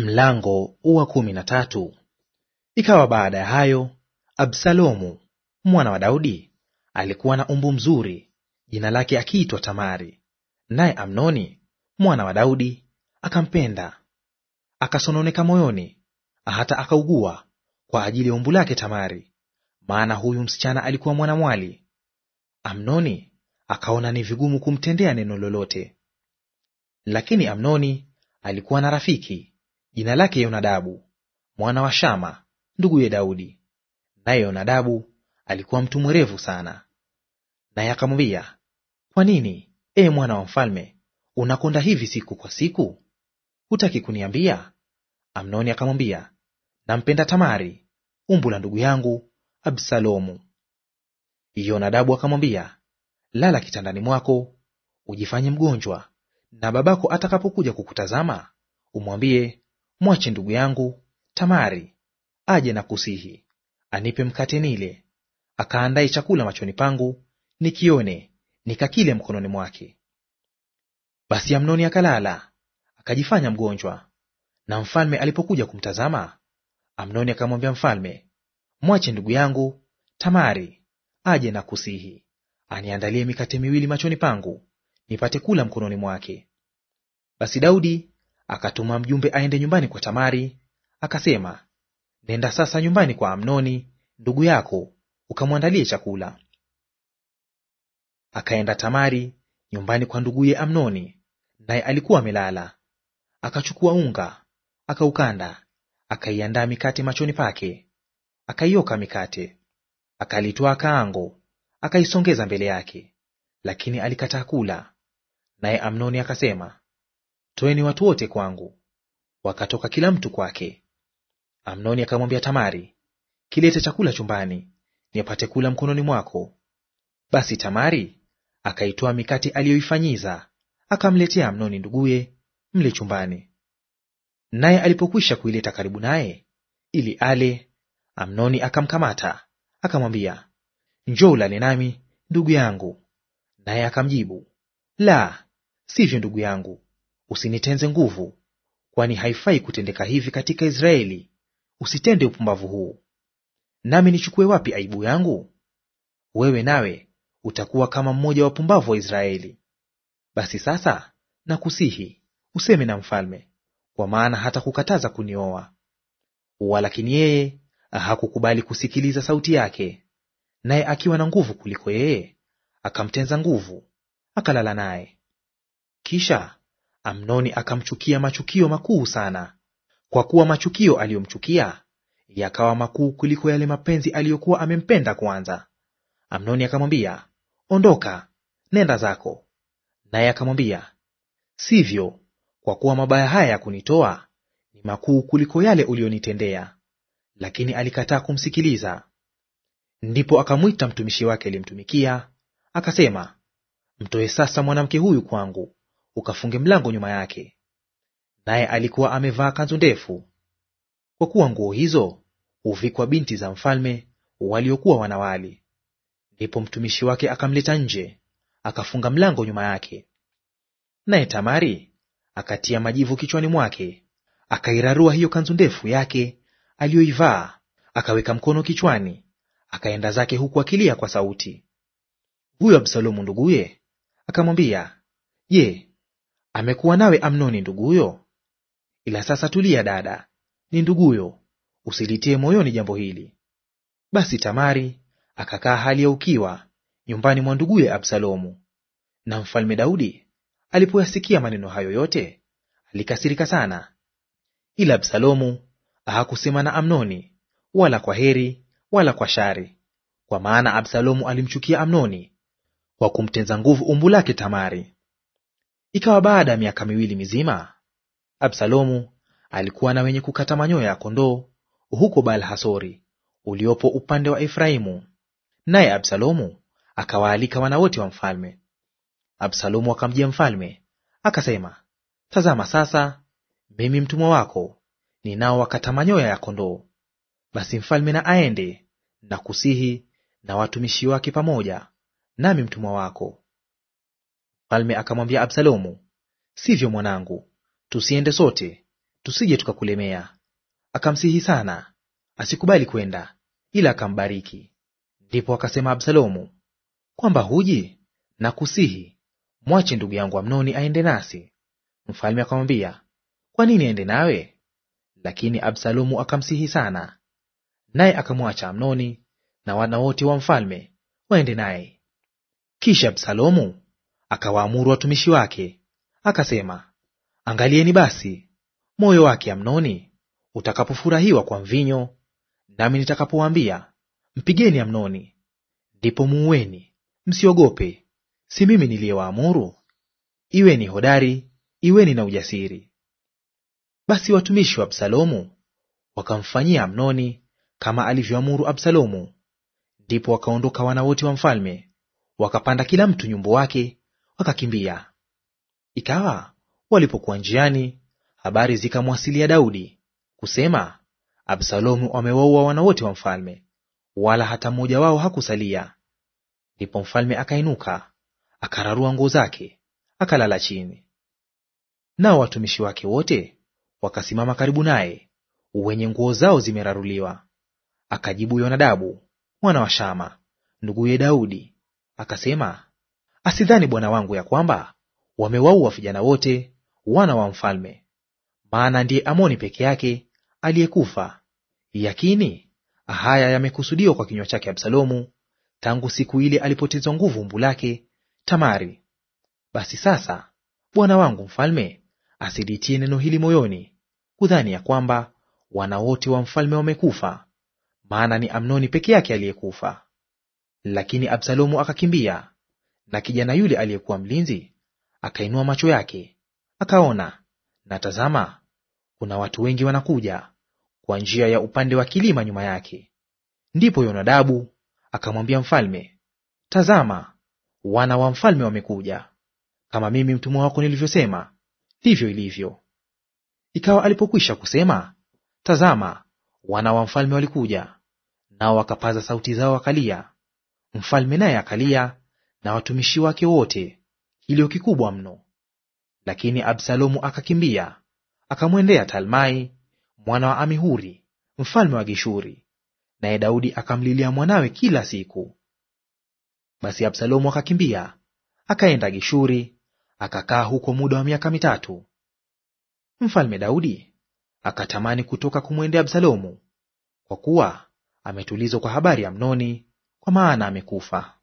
Mlango wa kumi na tatu. Ikawa baada ya hayo, Absalomu mwana wa Daudi alikuwa na umbu mzuri, jina lake akiitwa Tamari, naye Amnoni mwana wa Daudi akampenda. Akasononeka moyoni, hata akaugua kwa ajili ya umbu lake Tamari, maana huyu msichana alikuwa mwanamwali. Amnoni akaona ni vigumu kumtendea neno lolote. Lakini Amnoni alikuwa na rafiki Jina lake Yonadabu mwana wa Shama nduguye Daudi. Naye Yonadabu alikuwa mtu mwerevu sana. Naye akamwambia, kwa nini, e mwana wa mfalme, unakonda hivi siku kwa siku? Hutaki kuniambia? Amnoni akamwambia, nampenda Tamari, umbu la ndugu yangu Absalomu. Yonadabu akamwambia, lala kitandani mwako, ujifanye mgonjwa, na babako atakapokuja kukutazama, umwambie Mwache ndugu yangu Tamari aje na kusihi, anipe mkate nile, akaandaye chakula machoni pangu, nikione, nikakile mkononi mwake. Basi Amnoni akalala, akajifanya mgonjwa. Na mfalme alipokuja kumtazama, Amnoni akamwambia mfalme, mwache ndugu yangu Tamari aje na kusihi, aniandalie mikate miwili machoni pangu, nipate kula mkononi mwake. Basi Daudi akatuma mjumbe aende nyumbani kwa Tamari, akasema, nenda sasa nyumbani kwa Amnoni ndugu yako ukamwandalie chakula. Akaenda Tamari nyumbani kwa nduguye Amnoni, naye alikuwa amelala. Akachukua unga akaukanda, akaiandaa mikate machoni pake, akaioka mikate, akalitwaa kaango, akaisongeza mbele yake, lakini alikataa kula. Naye Amnoni akasema, Toeni watu wote kwangu. Wakatoka kila mtu kwake. Amnoni akamwambia Tamari, kilete chakula chumbani, nipate kula mkononi mwako. Basi Tamari akaitoa mikate aliyoifanyiza, akamletea Amnoni nduguye, mle chumbani. Naye alipokwisha kuileta karibu naye ili ale, Amnoni akamkamata akamwambia, njoo ulale nami, ndugu yangu. Naye akamjibu, la sivyo, ndugu yangu, usinitenze nguvu, kwani haifai kutendeka hivi katika Israeli; usitende upumbavu huu. Nami nichukue wapi aibu yangu? Wewe nawe utakuwa kama mmoja wa pumbavu wa Israeli. Basi sasa nakusihi useme na mfalme, kwa maana hatakukataza kunioa. Walakini yeye hakukubali kusikiliza sauti yake, naye akiwa na nguvu kuliko yeye akamtenza nguvu, akalala naye. Kisha Amnoni akamchukia machukio makuu sana, kwa kuwa machukio aliyomchukia yakawa makuu kuliko yale mapenzi aliyokuwa amempenda kwanza. Amnoni akamwambia, ondoka, nenda zako. Naye akamwambia, sivyo, kwa kuwa mabaya haya ya kunitoa ni makuu kuliko yale uliyonitendea. Lakini alikataa kumsikiliza. Ndipo akamwita mtumishi wake aliyemtumikia, akasema, mtoe sasa mwanamke huyu kwangu, ukafunge mlango nyuma yake. Naye alikuwa amevaa kanzu ndefu, kwa kuwa nguo hizo huvikwa binti za mfalme waliokuwa wanawali. Ndipo mtumishi wake akamleta nje, akafunga mlango nyuma yake. Naye Tamari akatia majivu kichwani mwake, akairarua hiyo kanzu ndefu yake aliyoivaa, akaweka mkono kichwani, akaenda zake huku akilia kwa sauti. Huyo Absalomu nduguye akamwambia, Je, amekuwa nawe Amnoni nduguyo? Ila sasa tulia, dada, ni nduguyo, usilitie moyoni jambo hili. Basi Tamari akakaa hali ya ukiwa nyumbani mwa nduguye Absalomu. Na mfalme Daudi alipoyasikia maneno hayo yote, alikasirika sana. Ila Absalomu hakusema na Amnoni wala kwa heri wala kwa shari, kwa maana Absalomu alimchukia Amnoni kwa kumtenza nguvu umbu lake Tamari. Ikawa baada ya miaka miwili mizima, Absalomu alikuwa na wenye kukata manyoya ya kondoo huko Baal-Hasori uliopo upande wa Efraimu, naye Absalomu akawaalika wana wote wa mfalme. Absalomu akamjia mfalme akasema, Tazama sasa, mimi mtumwa wako ninao wakata manyoya ya kondoo. Basi mfalme na aende na kusihi na watumishi wake pamoja, nami mtumwa wako Mfalme akamwambia Absalomu, sivyo mwanangu, tusiende sote, tusije tukakulemea. Akamsihi sana, asikubali kwenda, ila akambariki. Ndipo akasema Absalomu, kwamba huji na kusihi, mwache ndugu yangu Amnoni aende nasi. Mfalme akamwambia, kwa nini aende nawe? Lakini Absalomu akamsihi sana, naye akamwacha Amnoni na wana wote wa mfalme waende naye. Kisha Absalomu akawaamuru watumishi wake akasema, angalieni basi moyo wake Amnoni utakapofurahiwa kwa mvinyo, nami nitakapowaambia mpigeni Amnoni, ndipo muueni, msiogope; si mimi niliyewaamuru? Iweni hodari, iweni na ujasiri. Basi watumishi wa Absalomu wakamfanyia Amnoni kama alivyoamuru Absalomu. Ndipo wakaondoka wana wote wa mfalme, wakapanda kila mtu nyumbu wake wakakimbia. Ikawa walipokuwa njiani, habari zikamwasilia Daudi kusema, Absalomu amewaua wana wote wa mfalme, wala hata mmoja wao hakusalia. Ndipo mfalme akainuka, akararua nguo zake, akalala chini. Nao watumishi wake wote wakasimama karibu naye, wenye nguo zao zimeraruliwa. Akajibu Yonadabu mwana wa Shama nduguye Daudi akasema, Asidhani bwana wangu ya kwamba wamewaua vijana wote wana wa mfalme, maana ndiye Amoni peke yake aliyekufa. Yakini haya yamekusudiwa kwa kinywa chake Absalomu tangu siku ile alipotezwa nguvu umbu lake Tamari. Basi sasa, bwana wangu mfalme asilitie neno hili moyoni, kudhani ya kwamba wana wote wa mfalme wamekufa, maana ni Amnoni peke yake aliyekufa. Lakini Absalomu akakimbia na kijana yule aliyekuwa mlinzi akainua macho yake akaona, na tazama, kuna watu wengi wanakuja kwa njia ya upande wa kilima nyuma yake. Ndipo Yonadabu akamwambia mfalme, tazama, wana wa mfalme wamekuja, kama mimi mtumwa wako nilivyosema, ndivyo ilivyo. Ikawa alipokwisha kusema, tazama, wana wa mfalme walikuja, nao wakapaza sauti zao wakalia. Mfalme naye akalia, na watumishi wake wote, kilio kikubwa mno. Lakini Absalomu akakimbia akamwendea Talmai mwana wa Amihuri mfalme wa Geshuri, naye Daudi akamlilia mwanawe kila siku. Basi Absalomu akakimbia akaenda Geshuri, akakaa huko muda wa miaka mitatu. Mfalme Daudi akatamani kutoka kumwendea Absalomu, kwa kuwa ametulizwa kwa habari ya Amnoni, kwa maana amekufa.